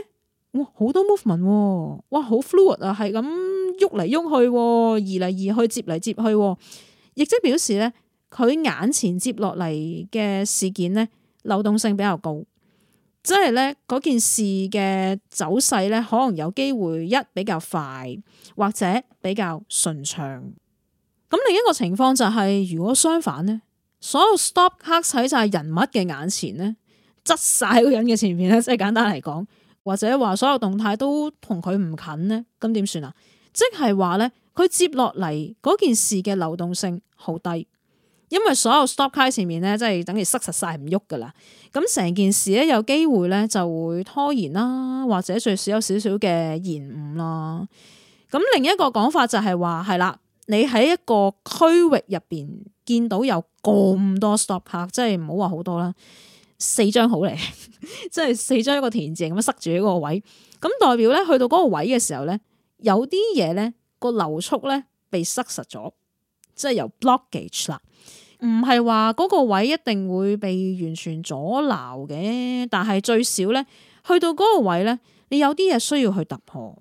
哇好多 movement、啊、哇好 fluid 啊，係咁喐嚟喐去，移嚟移去，接嚟接去，亦即表示咧，佢眼前接落嚟嘅事件呢。流動性比較高，即係咧嗰件事嘅走勢咧，可能有機會一比較快或者比較順暢。咁另一個情況就係、是、如果相反呢，所有 stop cuts 喺晒人物嘅眼前呢，窒晒嗰人嘅前面呢，即係簡單嚟講，或者話所有動態都同佢唔近呢，咁點算啊？即係話呢，佢接落嚟嗰件事嘅流動性好低。因為所有 stop 卡前面咧，即係等於塞實晒唔喐噶啦。咁成件事咧，有機會咧就會拖延啦，或者最少有少少嘅延誤啦。咁另一個講法就係話係啦，你喺一個區域入邊見到有咁多 stop 卡，即係唔好話好多啦，四張好嚟， 即係四張一個田字咁樣塞住喺嗰個位。咁代表咧，去到嗰個位嘅時候咧，有啲嘢咧個流速咧被塞實咗，即係由 blockage 啦。唔係話嗰個位一定會被完全阻撓嘅，但係最少咧去到嗰個位咧，你有啲嘢需要去突破，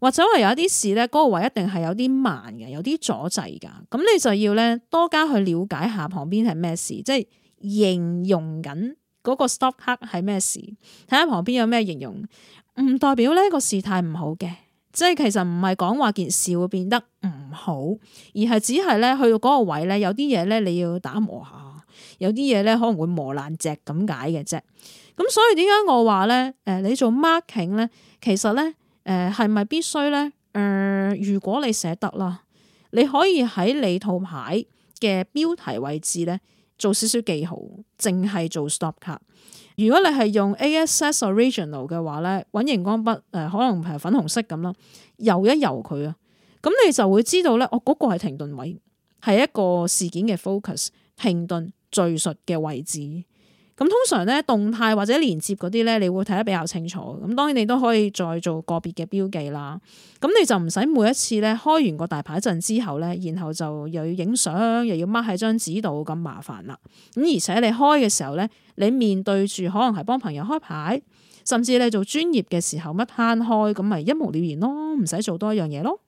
或者話有一啲事咧，嗰個位一定係有啲慢嘅，有啲阻滯噶。咁你就要咧多加去了解下旁邊係咩事，即係形容緊嗰個 stop 克係咩事，睇下旁邊有咩形容，唔代表呢個事態唔好嘅。即係其實唔係講話件事會變得唔好，而係只係咧去到嗰個位咧，有啲嘢咧你要打磨下，有啲嘢咧可能會磨爛隻咁解嘅啫。咁所以點解我話咧？誒、呃，你做 marking 咧，其實咧誒係咪必須咧？誒、呃，如果你寫得啦，你可以喺你套牌嘅標題位置咧做少少記號，淨係做 stop card。如果你係用 ASS original 嘅話呢，揾螢光筆、呃、可能係粉紅色咁啦，遊一遊佢啊，咁你就會知道呢我嗰個係停頓位，係一個事件嘅 focus 停頓敘述嘅位置。咁通常咧，動態或者連接嗰啲咧，你會睇得比較清楚。咁當然你都可以再做個別嘅標記啦。咁你就唔使每一次咧開完個大牌陣之後咧，然後就又要影相，又要 mark 喺張紙度咁麻煩啦。咁而且你開嘅時候咧，你面對住可能係幫朋友開牌，甚至你做專業嘅時候乜攤開，咁咪一目了然咯，唔使做多一樣嘢咯。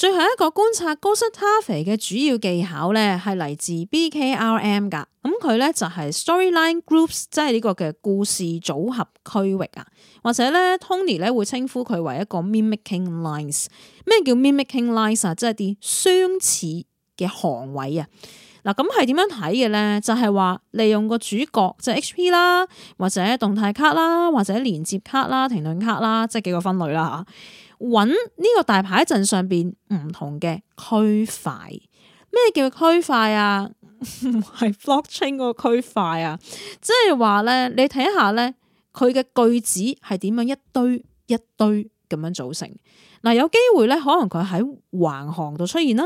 最後一個觀察高失塔肥嘅主要技巧咧，係嚟自 B K R M 噶。咁佢咧就係 storyline groups，即係呢個嘅故事組合區域啊。或者咧，Tony 咧會稱呼佢為一個 mimicking lines。咩叫 mimicking lines 啊？即係啲相似嘅行位啊。嗱，咁係點樣睇嘅咧？就係、是、話利用個主角即係、就是、H P 啦，或者動態卡啦，或者連接卡啦、停頓卡啦，即係幾個分類啦嚇。搵呢個大牌陣上邊唔同嘅區塊，咩叫區塊啊？唔 係 blockchain 個區塊啊，即係話咧，你睇下咧，佢嘅句子係點樣一堆一堆咁樣組成。嗱、呃，有機會咧，可能佢喺橫行度出現啦，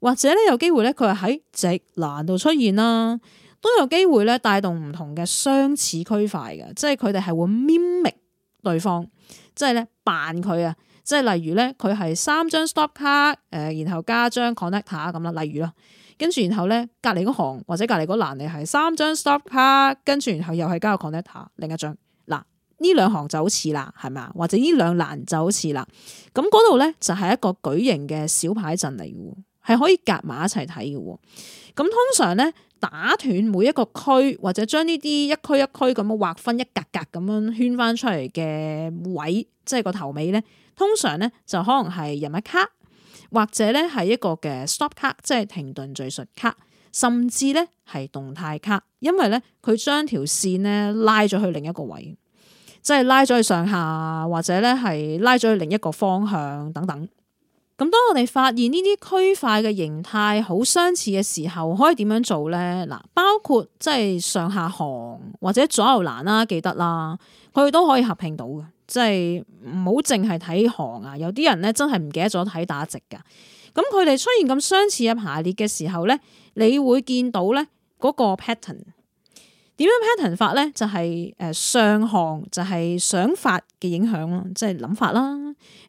或者咧，有機會咧，佢係喺直欄度出現啦，都有機會咧帶動唔同嘅相似區塊嘅，即係佢哋係會 mimic 對方，即係咧扮佢啊。即係例如咧，佢係三張 stop 卡，誒，然後加張 connector 咁啦。例如啦，跟住然後咧，隔籬嗰行或者隔籬嗰欄你係三張 stop 卡，跟住然後又係加個 connector 另一張。嗱，呢兩行就好似啦，係咪啊？或者兩欄那那呢兩欄就好似啦。咁嗰度咧就係一個矩形嘅小牌陣嚟嘅，係可以夾埋一齊睇嘅喎，咁通常咧打斷每一個區，或者將呢啲一區一區咁樣劃分一格格咁樣圈返出嚟嘅位，即係個頭尾咧，通常咧就可能係人物卡，或者咧係一個嘅 stop 卡，即係停頓敘述卡，甚至咧係動態卡，因為咧佢將條線咧拉咗去另一個位，即係拉咗去上下，或者咧係拉咗去另一個方向等等。咁當我哋發現呢啲區塊嘅形態好相似嘅時候，可以點樣做咧？嗱，包括即係上下行或者左右欄啦，記得啦，佢都可以合併到嘅。即係唔好淨係睇行啊，有啲人咧真係唔記得咗睇打直噶。咁佢哋出現咁相似嘅排列嘅時候咧，你會見到咧嗰個 pattern 點樣 pattern 法咧？就係、是、誒上行就係、是、想法。嘅影響咯，即係諗法啦。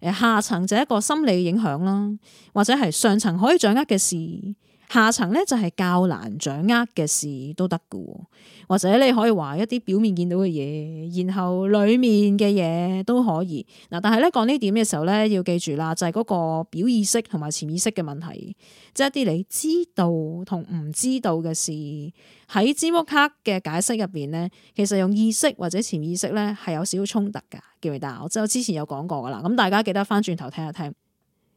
誒下層就係一個心理影響咯，或者係上層可以掌握嘅事。下層咧就係較難掌握嘅事都得噶，或者你可以話一啲表面見到嘅嘢，然後裏面嘅嘢都可以。嗱，但係咧講呢點嘅時候咧，要記住啦，就係、是、嗰個表意識同埋潛意識嘅問題，即係一啲你知道同唔知道嘅事。喺詹姆卡嘅解釋入邊呢，其實用意識或者潛意識咧係有少少衝突噶，記唔記得？我即係我之前有講過噶啦，咁大家記得翻轉頭聽一聽。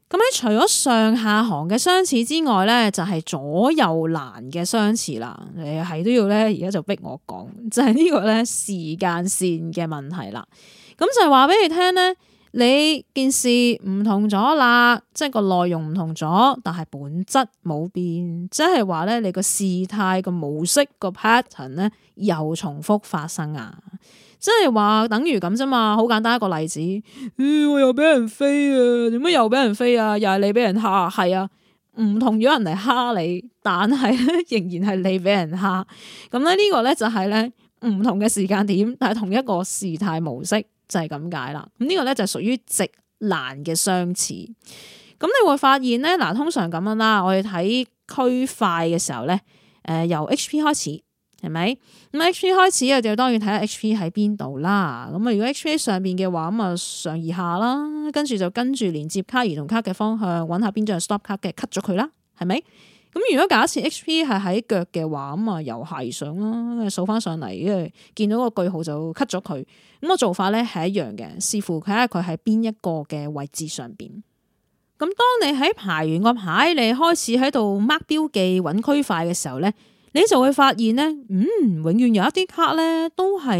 咁喺除咗上下行嘅相似之外咧，就係左右欄嘅相似啦。你係都要咧，而家就逼我講，就係呢個咧時間線嘅問題啦。咁就係話俾你聽咧，你件事唔同咗啦，即係個內容唔同咗，但係本質冇變，即係話咧你個事態個模式個 pattern 咧又重複發生啊。即係話等於咁啫嘛，好簡單一個例子，咦、呃，我又俾人飛啊，點解又俾人飛啊？又係你俾人蝦，係啊，唔同咗人嚟蝦你，但係咧 仍然係你俾人蝦，咁咧呢個咧就係咧唔同嘅時間點，但係同一個時態模式就係咁解啦。咁呢個咧就屬於直男嘅相似，咁你會發現咧，嗱通常咁樣啦，我哋睇區塊嘅時候咧，誒、呃、由 HP 開始。係咪咁？H P 開始啊，就當然睇下 H P 喺邊度啦。咁啊，如果 H P 喺上邊嘅話，咁啊上而下啦，跟住就跟住連接卡移動卡嘅方向，揾下邊張係 stop 卡嘅，cut 咗佢啦。係咪？咁如果假設 H P 係喺腳嘅話，咁啊由下而上啦，數翻上嚟，因為見到個句號就 cut 咗佢。咁、那個做法咧係一樣嘅，視乎睇下佢喺邊一個嘅位置上邊。咁當你喺排完個牌，你開始喺度 mark 標記揾區塊嘅時候咧。你就會發現咧，嗯，永遠有一啲卡咧都係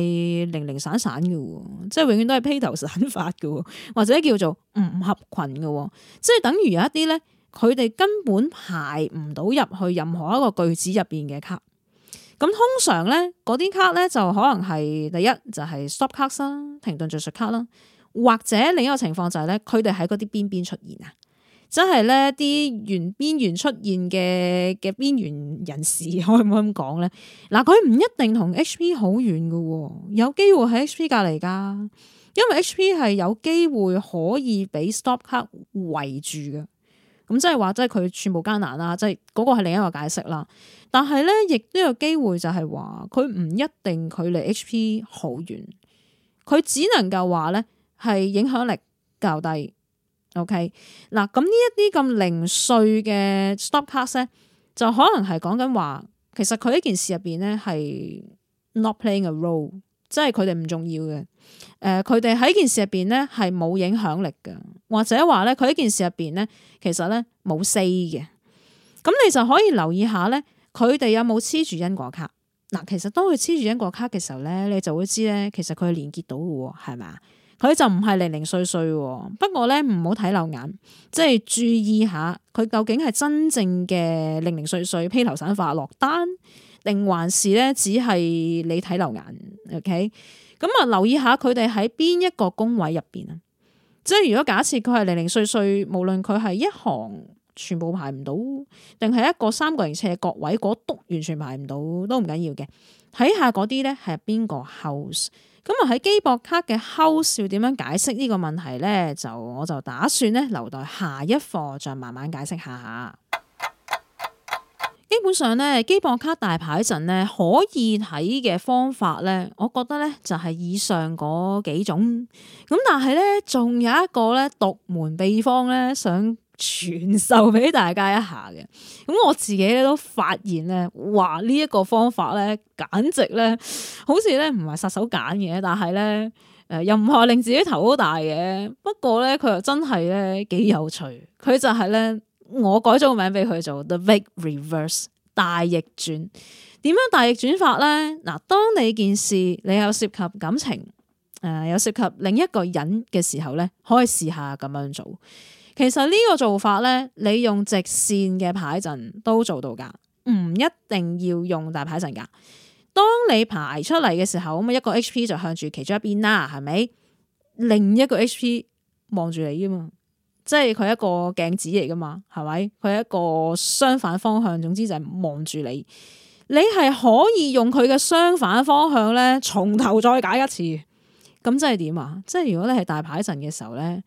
零零散散嘅，即係永遠都係披頭散髮嘅，或者叫做唔合群嘅，即係等於有一啲咧，佢哋根本排唔到入去任何一個句子入邊嘅卡。咁通常咧，嗰啲卡咧就可能係第一就係、是、stop 卡啦，停頓敘述卡啦，或者另一個情況就係咧，佢哋喺嗰啲邊邊出現啊。即係咧，啲原邊緣出現嘅嘅邊緣人士可唔可以咁講咧？嗱，佢唔一定同 HP 好遠嘅，有機會喺 HP 隔籬噶，因為 HP 係有機會可以俾 Stop 卡圍住嘅。咁即係話，即係佢全部艱難啦，即係嗰個係另一個解釋啦。但係咧，亦都有機會就係話，佢唔一定距離 HP 好遠，佢只能夠話咧係影響力較低。O.K. 嗱，咁呢一啲咁零碎嘅 stop 卡咧，就可能係講緊話，其實佢呢件事入邊咧係 not playing a role，即係佢哋唔重要嘅。誒、呃，佢哋喺件事入邊咧係冇影響力嘅，或者話咧佢呢件事入邊咧，其實咧冇 say 嘅。咁你就可以留意下咧，佢哋有冇黐住因果卡？嗱，其實當佢黐住因果卡嘅時候咧，你就會知咧，其實佢係連結到嘅，係咪？佢就唔係零零,零零碎碎，不過咧唔好睇漏眼，即係注意下佢究竟係真正嘅零零碎碎披頭散發落單，定還是咧只係你睇漏眼？OK，咁啊留意下佢哋喺邊一個工位入邊啊，即係如果假設佢係零零碎碎，無論佢係一行全部排唔到，定係一個三角形斜角位嗰督、那個、完全排唔到，都唔緊要嘅。睇下嗰啲咧係邊個 house。咁啊，喺機博卡嘅睺笑點樣解釋呢個問題咧？就我就打算咧留待下一課再慢慢解釋下。基本上咧，機博卡大牌陣咧可以睇嘅方法咧，我覺得咧就係、是、以上嗰幾種。咁但係咧，仲有一個咧獨門秘方咧，想，傳授俾大家一下嘅，咁我自己咧都發現咧，話呢一個方法咧，簡直咧好似咧唔係殺手鐧嘅，但係咧，誒又唔係話令自己頭好大嘅，不過咧佢又真係咧幾有趣，佢就係、是、咧我改咗個名俾佢做 The Big Reverse 大逆轉，點樣大逆轉法咧？嗱，當你件事你有涉及感情，誒有涉及另一個人嘅時候咧，可以試下咁樣做。其實呢個做法呢，你用直線嘅牌陣都做到噶，唔一定要用大牌陣噶。當你排出嚟嘅時候，咁啊一個 HP 就向住其中一邊啦，係咪？另一個 HP 望住你啊嘛，即係佢一個鏡子嚟噶嘛，係咪？佢一個相反方向，總之就係望住你。你係可以用佢嘅相反方向呢，從頭再解一次。咁即係點啊？即係如果你係大牌陣嘅時候呢。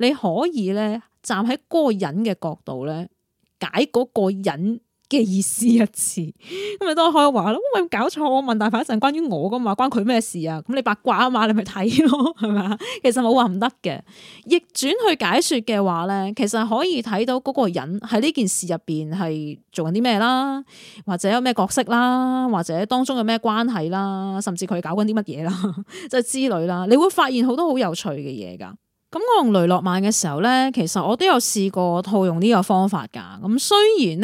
你可以咧站喺嗰個人嘅角度咧解嗰個人嘅意思一次，咁咪都可以話咯。我咪搞錯，問大牌一陣關於我噶嘛，關佢咩事啊？咁你八卦啊嘛，你咪睇咯，係咪啊？其實冇話唔得嘅，逆轉去解說嘅話咧，其實可以睇到嗰個人喺呢件事入邊係做緊啲咩啦，或者有咩角色啦，或者當中有咩關係啦，甚至佢搞緊啲乜嘢啦，即 係之類啦，你會發現好多好有趣嘅嘢噶咁我用雷諾曼嘅時候咧，其實我都有試過套用呢個方法噶。咁雖然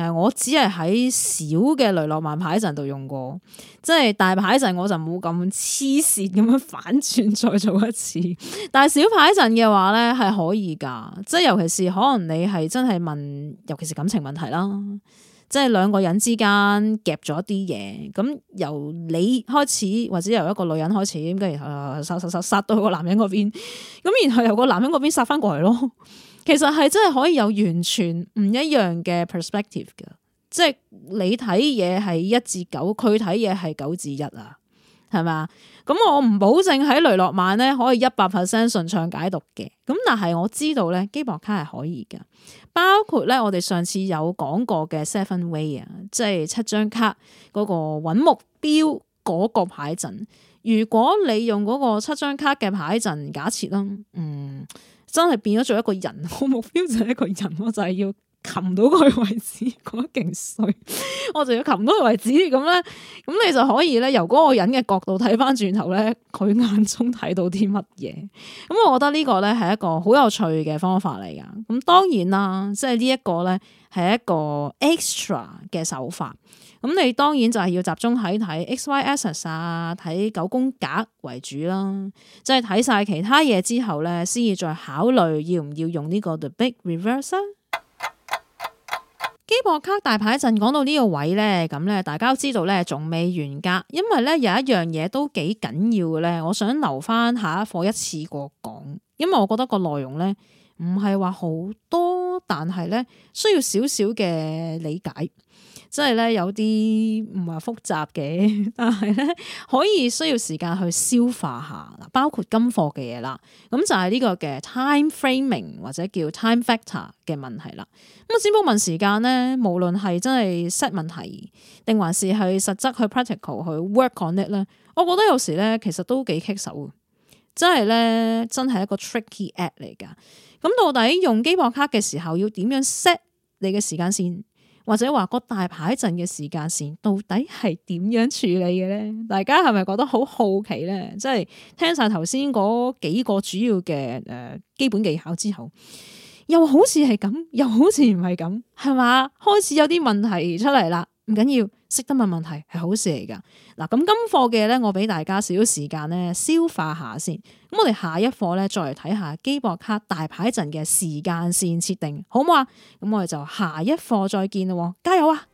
咧，誒，我只係喺小嘅雷諾曼牌陣度用過，即係大牌陣我就冇咁黐線咁樣反轉再做一次。但係小牌陣嘅話咧係可以噶，即係尤其是可能你係真係問，尤其是感情問題啦。即係兩個人之間夾咗啲嘢，咁由你開始，或者由一個女人開始，跟住殺殺殺到個男人嗰邊，咁然後由個男人嗰邊殺翻過來咯。其實係真係可以有完全唔一樣嘅 perspective 嘅，即係你睇嘢係一至九，佢睇嘢係九至一啊，係咪啊？咁我唔保證喺雷諾曼咧可以一百 percent 順暢解讀嘅，咁但係我知道咧基博卡係可以噶。包括咧，我哋上次有講過嘅 Seven Way 啊，即係七張卡嗰個揾目標嗰個牌陣。如果你用嗰個七張卡嘅牌陣，假設啦，嗯，真係變咗做一個人，我目標就係一個人咯，我就係要。擒到佢位置，覺得勁衰。 我就要擒到佢位置咁咧，咁你就可以咧，由嗰個人嘅角度睇翻轉頭咧，佢眼中睇到啲乜嘢。咁我覺得呢個咧係一個好有趣嘅方法嚟噶。咁當然啦，即係呢一個咧係一個 extra 嘅手法。咁你當然就係要集中喺睇 X Y Axis 啊，睇九宮格為主啦。即係睇晒其他嘢之後咧，先至再考慮要唔要用呢個 The Big Reverser 啊。機博卡大牌一陣講到呢個位咧，咁咧大家都知道咧，仲未完結，因為咧有一樣嘢都幾緊要嘅咧。我想留翻下，下一課一次過講，因為我覺得個內容咧唔係話好多，但係咧需要少少嘅理解。即係咧有啲唔係複雜嘅，但係咧可以需要時間去消化下，包括今貨嘅嘢啦。咁就係呢個嘅 time framing 或者叫 time factor 嘅問題啦。咁啊，只不過問時間咧，無論係真係 set 問題，定還是係實質去 practical 去 work on it 咧，我覺得有時咧其實都幾棘手。真係咧真係一個 tricky act 嚟噶。咁到底用機博卡嘅時候要點樣 set 你嘅時間先？或者話個大排陣嘅時間線到底係點樣處理嘅咧？大家係咪覺得好好奇咧？即係聽晒頭先嗰幾個主要嘅誒基本技巧之後，又好似係咁，又好似唔係咁，係嘛？開始有啲問題出嚟啦。唔緊要，識得問問題係好事嚟噶。嗱，咁今課嘅咧，我俾大家少少時間咧消化下先。咁我哋下一課咧，再嚟睇下基博卡大排陣嘅時間線設定，好冇啊？咁我哋就下一課再見咯喎，加油啊！